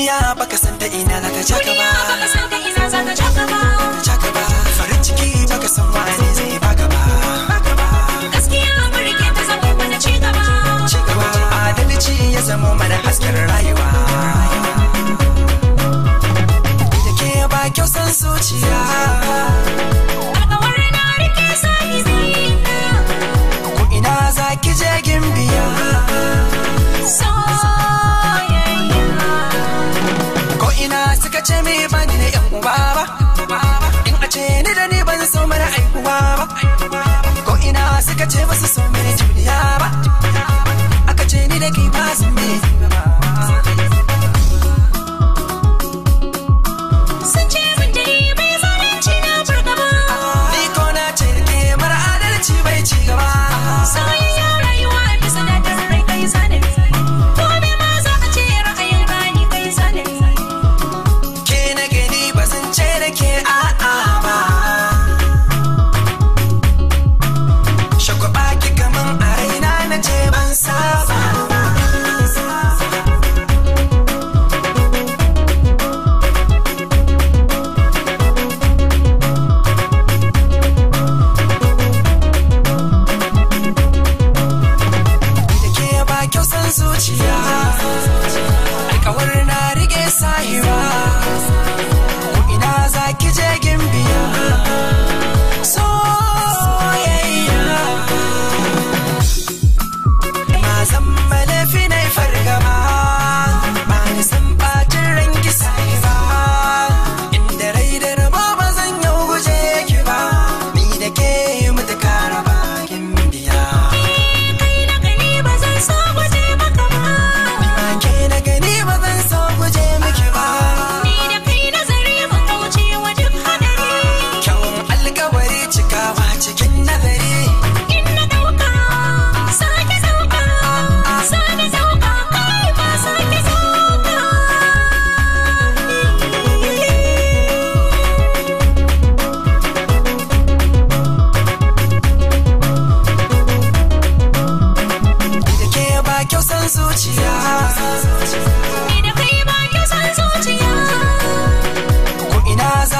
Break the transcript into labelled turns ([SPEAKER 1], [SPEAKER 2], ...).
[SPEAKER 1] duniya baka santa ina zaka ta ina suka ce mi ba ni ne yan uba ba in a ce ni da ni ban so mana aikuwa ba ko ina suka ce ba su so mini juniya